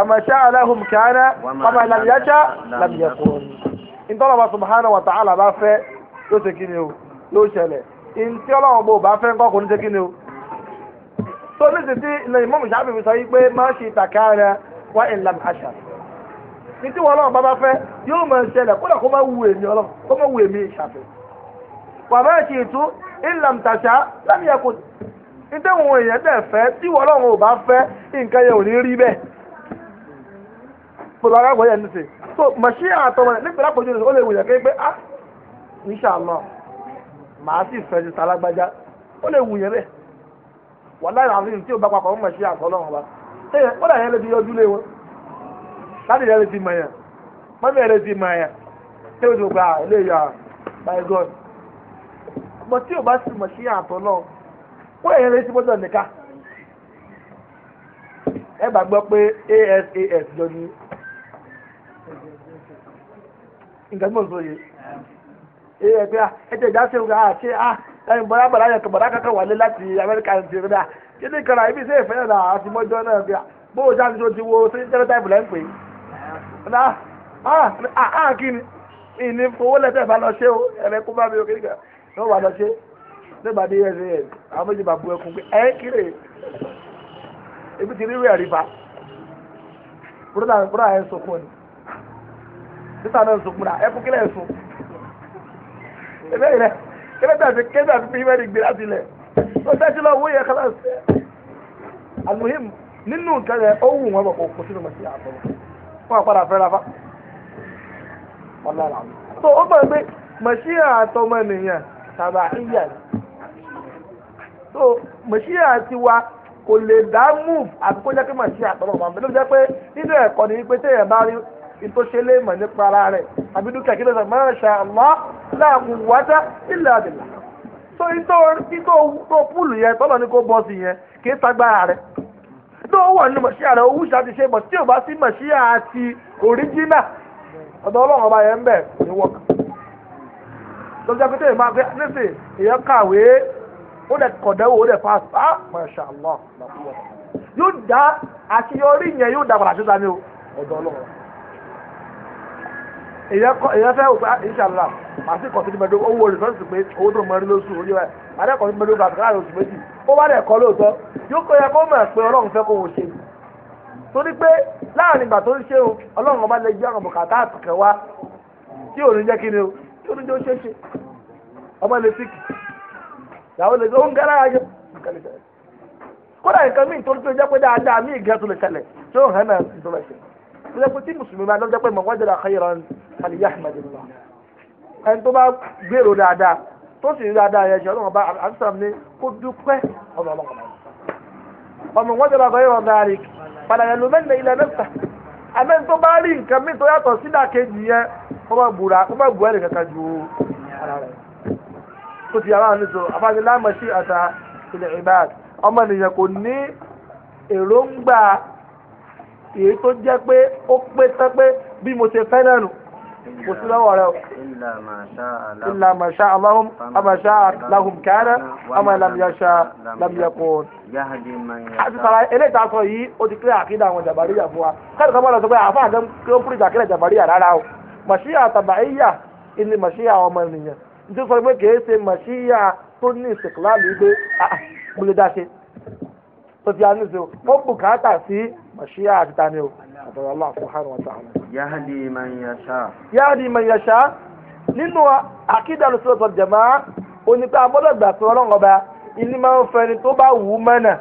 àmàṣà aláhùn kàánà àmà làmìyàṣà làmìyàkùn ìtọ́lọ́wà subhanahu wa ta'ala bá fẹ́ ló ṣe kí ni o ló ṣẹlẹ̀ ìntí ọlọ́wọ́ bò bá fẹ́ kọ́kùn ní ṣe kí o tó ní ti ti ilẹ̀ ìmọ̀mù sábẹ̀ fi sọ yí pé má ṣe tàkàrà wá ìlànà àṣà ní tí wọn lọ́wọ́ bá bá fẹ́ yóò máa ṣẹlẹ̀ kódà kó má wu èmi ọlọ́run kó má wu èmi ìṣàfẹ́ wà bá ṣe ètò ìlànà àṣà lábìyà kò ní tí wọn èèyàn dẹ̀ fẹ́ tí wọn lọ́wọ́ ò bá fẹ́ nǹkan yẹn ò ní rí bẹ́ẹ̀ pẹ̀lú ara àgbọ̀yẹ̀ ní sè so màṣí àtọmọ rẹ̀ nígbà lápòjú rẹ̀ ó lè wùyàn kéé pé ah inshallah màá sì fẹ́ ti salágbájá ó lè wùyàn bẹ́ẹ̀ wàláì àwọn ènìyàn tí ò bá papọ̀ mọ́ màṣí àtọ́ lọ́wọ́ bá ẹ̀yẹ kọ́dà yẹn lè fi yọjú lé wọn láti yẹn lè fi mọ̀ yẹn mọ́mí yẹn lè fi mọ̀ tí o ti gba ah, ilé yà by God ọmọ tí o bá sì mọ̀ sí àtọ̀ náà kó ẹ̀yẹ lè ti bọ́jọ́ nìka ẹ bá gbọ́ pé asas jọ ní nǹkan tí mo sọ yìí ẹ ah, ẹ pé ah, ẹ tẹ̀ já sí ọ̀gá àti ẹ bọ̀dá bọ̀dá yẹn kọ̀ bọ̀dá kankan wà lé láti Amẹ́ríkà ẹ̀ ń ti rí dáa kíni kan àìbí sí ìfẹ́ náà àti mọ́jọ́ náà bí bó o jáde tó ti wo sí jẹ́rẹ́tàìpù lẹ́ ń pè é ah kí ni ìní owó lẹ́tẹ̀ bá lọ ṣe o ẹ̀rẹ́ kó bá mi ò kí kan ní bá lọ ṣe nígbà dé ẹsẹ̀ ẹ̀ àwọn méjì bá bu ẹkún pé ẹ̀ kéré ebi ti rí ẹ̀rí bá bùrọ̀dà bùrọ̀dà ẹ̀ sọkún ni títà náà sọkún náà ẹkún kílẹ̀ ẹ̀ sùn ẹ̀ bẹ́ẹ̀ rẹ̀ kébẹ́tà ti kébẹ́tà ti fi ìwé ni gbé láti lẹ̀ ọjọ́ tí lọ́wọ́ yẹ kálá sí alimuhim nínú nǹkan rẹ̀ ó wù wọ́n bọ̀ kó sínú mọ̀ sí àtọ̀rọ̀ fún àpàdà fẹ́ra fa ọ̀làlà tó ó gbà pé mọ̀sí àtọmọ ènìyàn tàbá ìyà ni tó mọ̀sí àtiwa kò lè dá move àti kó jẹ́ pé mọ̀sí àtọmọ̀ mọ̀ mi ló jẹ́ pé nínú ẹ̀kọ́ ni pé téèyàn bá rí ìtòṣelé mọ̀ nípa ara rẹ̀ àbí dúkìá kí ló sọ máa ṣe àlọ́ láàkú wájá illa billah. so ito owu, to pool yẹn tọ́lọ̀ ní kó bọ́ yẹn kì í tagbára rẹ̀ tó wọ̀ nínú mọ̀ṣíà rẹ̀ owó ti ṣe bọ̀ tí ò bá sí ti òríjínà ọ̀dọ̀ ọlọ́run ọba yẹn ń bẹ̀ ní wọ́ọ̀kì lọ́jọ́ pété ìmọ̀ àgbẹ̀ nísìn èèyàn kàwé ó dẹ̀ kọ̀dẹ́wò ó dẹ̀ á masha allah yóò dá àṣeyọrí yẹn yóò dá padà sani o ọ̀dọ̀ ọlọ́run èèyàn fẹ́ ah, àti kọ̀ọ̀tì ní mẹ́ẹ̀dógún owó rìsọ́ọ̀sì pé owó tó mọ́rí lóṣù orí wa àti kọ̀ọ̀tì ní mẹ́ẹ̀dógún àti káàdì oṣù méjì ó wá dẹ̀ kọ́ lóòótọ́ yóò kọ́ yẹ kó mọ̀ pé ọlọ́run fẹ́ kó wọ́n ṣe torí pé láàrin ìgbà tó ń ṣe o ọlọ́run ọba lè jẹ́ ọ̀rọ̀ bùkátà àtùkẹ́ wa tí ò ní jẹ́ kí ni o tí ò ní jẹ́ ó ṣe é ṣe ọmọ ilé síkì ìyàwó lè gbé oúnjẹ lára yẹ kódà nǹkan míì tó ń tó jẹ́ pé dáadáa míì gẹ́ tó lè ṣẹlẹ̀ tí ó hàn náà tó lè ṣe tó jẹ́ pé tí mùsùlùmí bá lọ́jọ́ pé mọ̀ wájú àkàyèrè ọ̀hún ẹni tó bá gbèrò dáadáa tó sì rí dáadáa yẹn ṣe ọlọ́run bá àtúntàn ní kó dúpẹ́ ọmọ ọmọ ọmọ ọmọ wọn jọba àgbáyé ọmọ àárín padà yẹn ló mẹ́lẹ̀ ilẹ̀ mẹ́ta àmẹ́ni tó bá rí nǹkan mi tó yàtọ̀ sídà kejì yẹn kó má bùrà kó má bùrà nìkan kan ju ara rẹ̀ tó ti yàrá ní so àfáàní láàmú sí àṣà ilẹ̀ ìbáàd ọmọ ènìyàn kò ní èròǹgbà èyí tó jẹ́ pé ó pé tán pé bí mo ṣe fẹ́ nù kò sí lọ́wọ́ rẹ o. illa ma sha Allahum ama sha lahum kana ama lam yasha lam yakun. àti sara eléyìí tá a sọ yìí ó ti kílẹ̀ àkídà àwọn jàbáríyà fún wa káàdì kan bá lọ sọ pé àfa àgẹ́ kó pírìtì àkílẹ̀ jàbáríyà rárá o màṣíyà tàbáyíyà ilé màṣíyà ọmọ ènìyàn nítorí sọ pé kìí ṣe màṣíyà tó ní ìsìnkìláàlì gbé ah, ah, mo lè dá ṣe tó ti á ní ìsìn ó bùkátà sí màṣíyà àti tani o àtọ̀rọ̀ Allah subhanahu wa ta'ala. yahdi man yasha. yahdi man yasha nínú akídà lọ́sọ̀rọ̀ sọ̀rọ̀ jẹ̀mọ́ onípa abọ́dọ̀ gbà pé ọlọ́run ọba ilé máa ń fẹni tó bá wù ú mọ́nà.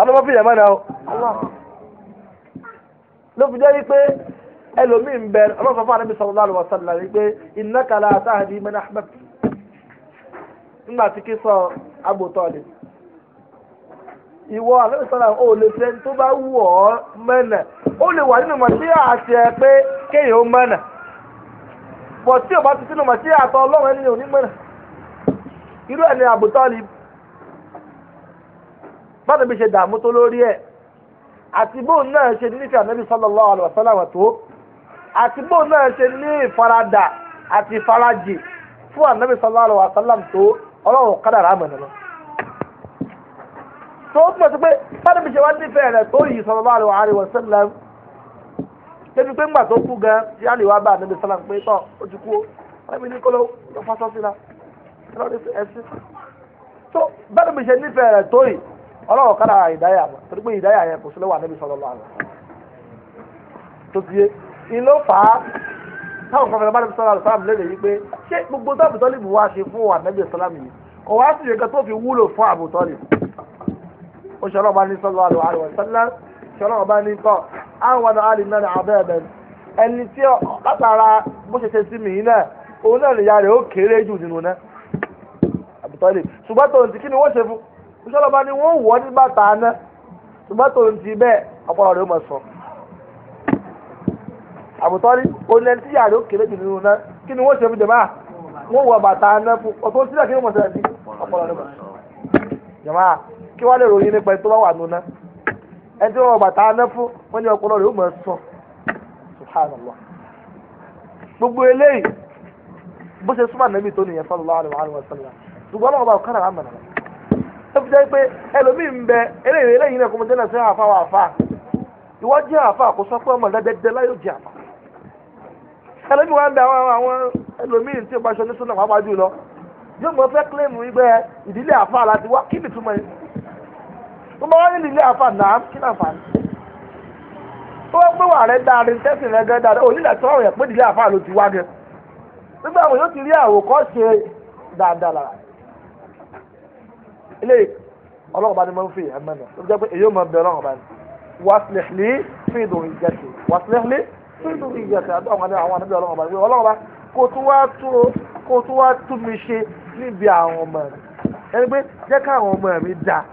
alọ́mọ fi yẹn mọ́nà o. ló fi jẹ́ wípé ẹlòmíì bẹ ọlọ́run sọ fún àdébí sallallahu alaihi wasallam wípé innaka la tahdi man ahbabta nígbà tí kí sọ agbótọ́ ọ̀dẹ̀. ìwọ àlọ́sọ̀rọ̀ ò lè ṣe tó bá wù ọ́ mẹ́nà ó lè wà nínú mọ̀tí àṣẹ pé kéèyàn ó mẹ́nà bọ̀ tí o bá ti sínú mọ̀tí àtọ ọlọ́run ẹni ò ní mẹ́nà irú ẹ̀ ni Abu Talib báwo bí ṣe dààmú tó lórí ẹ̀ àti bóun náà ṣe tó àti bóun náà ṣe ní ìfaradà àti tó ń túmọ̀ sí pé báyìí mi ṣe wá nífẹ̀ẹ́ rẹ̀ tó yìí sallallahu alaihi wa sallam débi pé ńgbà tó kú gan tí àlè wá bá àdébí sálàm pé tán ó ti kú ó wọ́n mi ní kó ló lọ fásán sí la lọ́dún sí ẹ̀sìn tó báyìí ṣe nífẹ̀ẹ́ rẹ̀ tó yìí ọlọ́wọ́ kára ìdáyà mọ̀ torí pé ìdáyà yẹn kò sí alaihi wa sallam tó ti yé ìlú fà á táwọn kan fẹ́ bá nàbì sọ́lá sọ́lá lédè yìí pé ṣé gbogbo tábìtọ́lì bù wá ṣe fún àdébí sọ́lá mi yìí kò wá sí ìyẹn kan tó ó ṣe ọlọ́ọ̀bá ní sọ́lọ́ àlọ́ àlọ́ sẹ́lá ṣe ọlọ́ọ̀bá ní tọ́ àwọn àlè náà àbẹ́ ẹ̀bẹ̀ ẹni tí látara bó ṣe ṣe sí mi náà òun náà nìyá rẹ̀ ó kéré jù nínú náà àbùtọ́lì ṣùgbọ́n tòun ti kí ni wọ́n ṣe fún ó ṣe ọlọ́ọ̀bá ní wọ́n wọ́ ní bàtà náà ṣùgbọ́n tòun ti bẹ́ẹ̀ ọpọlọ rẹ̀ ó mọ̀ sọ àbùtọ́lì òun ẹni tí yàrá rẹ̀ ó kéré jù nínú náà kí ni wọ́n ṣe fún jẹ̀máà wọ́n wọ bàtà náà fún ọ̀tún sílẹ̀ kí ni wọ́n ṣe kí wọ́n lè ròyìn nípa ẹni tó bá wà nùnà ẹni tí wọ́n bàtà wọ́n ní rẹ̀ ó mọ̀ sọ gbogbo eléyìí bó ṣe súnmọ́ tó nìyẹn wa sallam ṣùgbọ́n ọlọ́run bá kọ́ra àmàlà rẹ̀ ó fi jẹ́ pé ẹlòmíì ń bẹ eléyìí eléyìí náà kò mọ̀ jẹ́ náà sí àfa wa àfa ìwọ àfa kò sọ pé ọmọ dẹ́dẹ́dẹ́ láyò tó bá wá nílùú ilé àfa náà kí náà fà á tó wá pé wà rẹ dáadé tẹ́sí rẹ gẹ́ dáadé òní ìdàtí ọ̀rọ̀ yẹn pé ìdílé àfa ló ti wá gẹ́ nígbà wo yóò ti rí àwòkọ́ ṣe dáadáa lára ilé ọlọ́run bá ní máa ń fi ẹ̀mẹ́ náà ló jẹ́ pé èyí ò máa bẹ ọlọ́run bá ní wàsílẹ̀lì fíìdù ìjẹsì wàsílẹ̀lì fíìdù ìjẹsì àwọn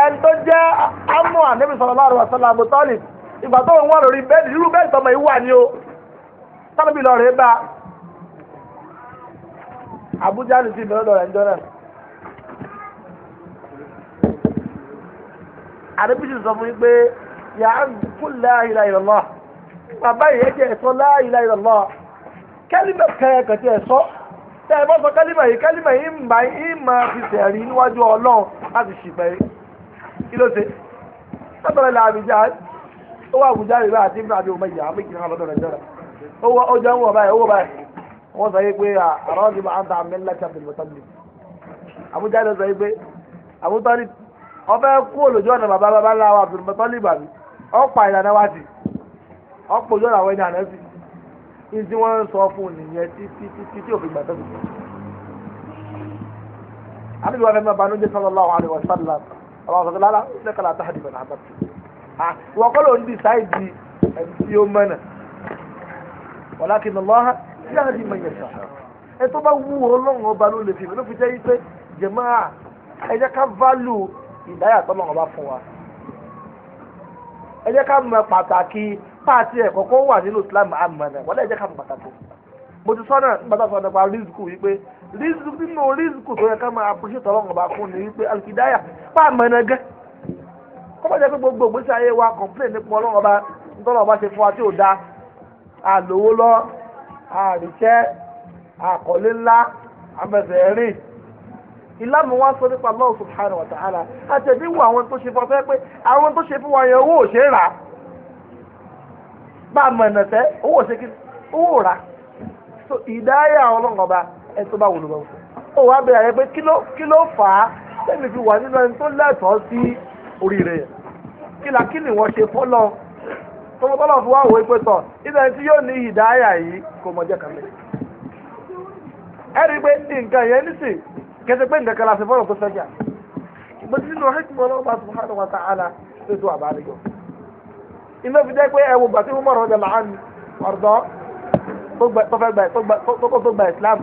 ẹni tó jẹ́ amú ànábì sallallahu alaihi wasallam Abu Talib ìgbà tó ń wà lórí bẹ́ẹ̀dì irú bẹ́ẹ̀dì tọmọ yìí wà o lọ rèé Abuja ní sí ìbẹ̀rẹ̀ lọ́rẹ̀ ńjọ́ sọ fún yín pé yà á kú la ilaha illallah bàbá yìí ẹ̀jẹ̀ ẹ̀sọ́ kẹ́ẹ̀kẹ́ tẹ́ ẹ sọ yìí yìí fi sẹ̀rí níwájú ọlọ́run láti kí ló ṣe sábàrà ilẹ̀ àbújá ó wà àbújá rẹ̀ àti ibi àbí ọmọ ìyá méjì náà lọ́dọ̀ nàìjíríà owó ọjọ́ ń wọ̀ báyìí owó báyìí wọ́n sọ pé àrọ́ ti máa ń ta àmì ńlá chapel mọ́tàbí àbújá ló sọ pé àbútọ́lì ọbẹ̀ kú olójú ọ̀nà bàbá bàbá ńlá wa àbí mọ́tàbí bàbí ọ̀pá ìlànà wa ti ọ̀pọ̀ ojú ọ̀nà àwọn ẹni àná sí i tí wọ́n ń sọ fún nìyẹn títí títí tí òfin gbàtọ́ àbí wọn fẹ́ mọ́ banújẹ́ sallallahu alaihi wasallam àwọn ọ̀sán lára lẹ́kọ̀ọ́ láti àdìbò náà bá tù. wọ́n ń di sáìdì ẹni tí ó mọ̀nà walakin Allah yahdi man yasha ẹ tó bá wù ọlọ́run ọba ló lè fi ló fi jẹ́ yí pé jẹ̀máà ẹ jẹ́ ká válù ìdáyà tọ́lọ́run ọba fún wa ẹ jẹ́ ká mọ pàtàkì páàtì ẹ̀ kọ́kọ́ wà nínú Islam àmọ́ náà wọ́n lẹ́ jẹ́ ká mọ pàtàkì mo ti sọ́nà nígbà tó sọ nípa rizku yìí rizku nínú rizku tó yẹ ká máa bóṣe tọ́lọ́ ọba fún ni wípé alùpìdáyà pa àmọ́nagẹ́ kọ́mọ̀jẹ́ pé gbogbo ìgbésí ayé wa kọ̀m̀plẹ̀ nípa ọlọ́run ọba nítorí ọba ṣe fún wa tí ò da àlòwó lọ àrìṣẹ́ àkọ́lé ńlá àmẹsẹ̀ rìn ìlànà wa sọ nípa Allah subhanahu wa ta'ala àtẹ̀bí wo àwọn tó ṣe fún ọ fẹ́ pé àwọn tó ṣe fún wa yẹn owó ò ṣe rà á bá tẹ́ owó ò ṣe kí owó ò rà so ìdáyà ọlọ́run ọba ẹni tó bá wò ló bá wò ó wá bẹ̀rẹ̀ pé kí ló fà á sẹ́mi fi wà nínú ẹni tó lẹ́tọ̀ọ́ sí oríire yẹn kí la kí ni wọ́n ṣe fọ́lọ́ tọmọ tọ́lọ̀ fún wa wò pé tọ̀ ibẹ̀ tí yóò ní ìdáyà yìí kò mọ̀ jẹ́ kàmẹ́ ẹ rí i pé nǹkan yẹn nísì kẹsẹ̀ pé nǹkan kan la fi fọ́lọ̀ tó sẹ́jà ìgbà tí nínú hẹ́kìmọ̀ ọlọ́wọ́ bá subhanahu wa ta'ala ló tó àbáríyọ iná fi jẹ́ pé ẹ wo gbà tí mo mọ̀rọ̀ ọjà làánù ọ̀dọ́ tó fẹ́ gbà tó gbà tó gbà ìsìlámù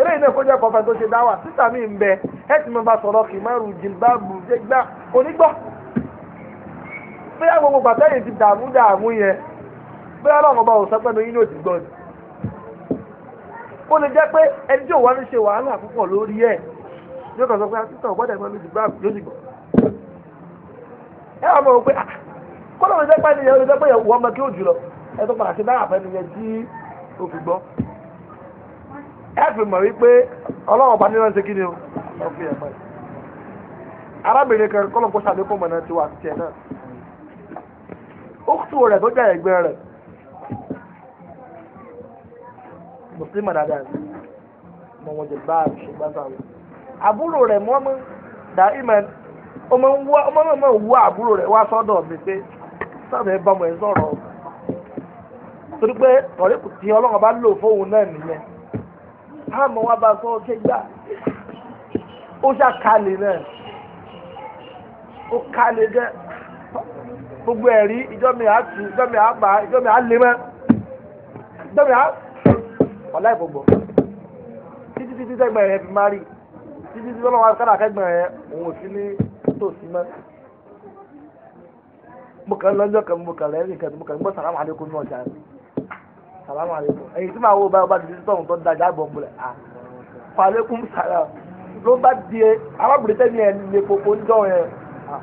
eléyìí náà kọjá kọfà tó ṣe dáwà sísà mi ń bẹ ẹ ti sọ̀rọ̀ kì jìlbá onígbọ́ bóyá gbogbo pàtẹ́yìn ti dààmú dààmú yẹn bóyá lọ́wọ́ bá òsán pẹ́ẹ́nu yín ní ni ó lè jẹ́ pé ẹni tí òwá ń ṣe wàhálà púpọ̀ lórí ẹ̀ yóò kàn sọ pé ah, jìlbá ẹ wà mọ̀ ah, pé kọ́lọ́ mi jẹ́ yẹn ó lè jẹ́ pé ẹ fi mọ̀ wípé ọba ṣe kí ni o ọ̀fìn ẹ̀mọ́ ẹ̀ arábìnrin kan kọ́lọ̀ kó ṣàlékún mọ̀nà tiwa tiẹ̀ náà rẹ̀ tó jẹ́ ẹ̀gbẹ́ rẹ̀ mùsùlùmí dáadáa wọ́n jẹ àbúrò rẹ̀ mọ́ mọ́ ìmọ̀ ọmọ ọmọ wú àbúrò rẹ̀ wá sọ́dọ̀ mi pé táàmù wa bá sọ ọkẹ gbà ó ṣàkàlẹ̀ náà ó kàlẹ̀ gẹ́ gbogbo ẹ̀rí ìjọ mi àá tù ìjọ mi àá bà ìjọ mi àá lè mọ́ ìjọ mi àá ọ̀la ìbọ̀gbọ̀ títí títí tẹ́gbọ̀n yẹn fi máa rí títí títí ọlọ́wọ́ akẹ́kọ̀ọ́ akẹ́gbọ̀n yẹn òun ò sí ní tòsí mọ́ mo kàn lọ́jọ́ kan mo kàn lẹ́yìn kan mo kàn gbọ́ sàrámà àlékún náà jáde sàlámù àlekò èyí tí màá wo báyìí ọba ti di sọ̀rọ̀ tó dájà àgbọ̀ ń bolẹ̀ à ah. fàlékún sàlá ló bá di ni tẹ́ni ẹ̀ lè koko ń dọ̀ yẹn ah.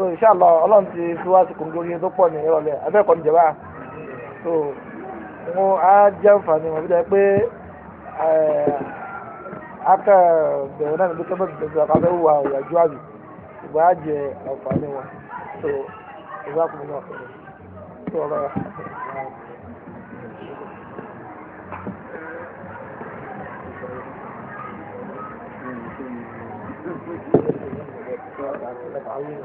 so inshàlá ọlọ́run ti fi wá sí kòǹgórí tó pọ̀ ní ìrọ̀lẹ́ abẹ́ẹ̀kọ́ ní ìjọba so mo á jẹ́ àǹfààní wọn bíi pé eh, aka bẹ̀rẹ̀ náà níbi tọ́pẹ́ bẹ̀rẹ̀ ká fẹ́ wà ìyàjú àbí ìgbà á jẹ àǹfààní wọn so ìgbà kùn náà so ọ̀rọ̀ yà. Thank you.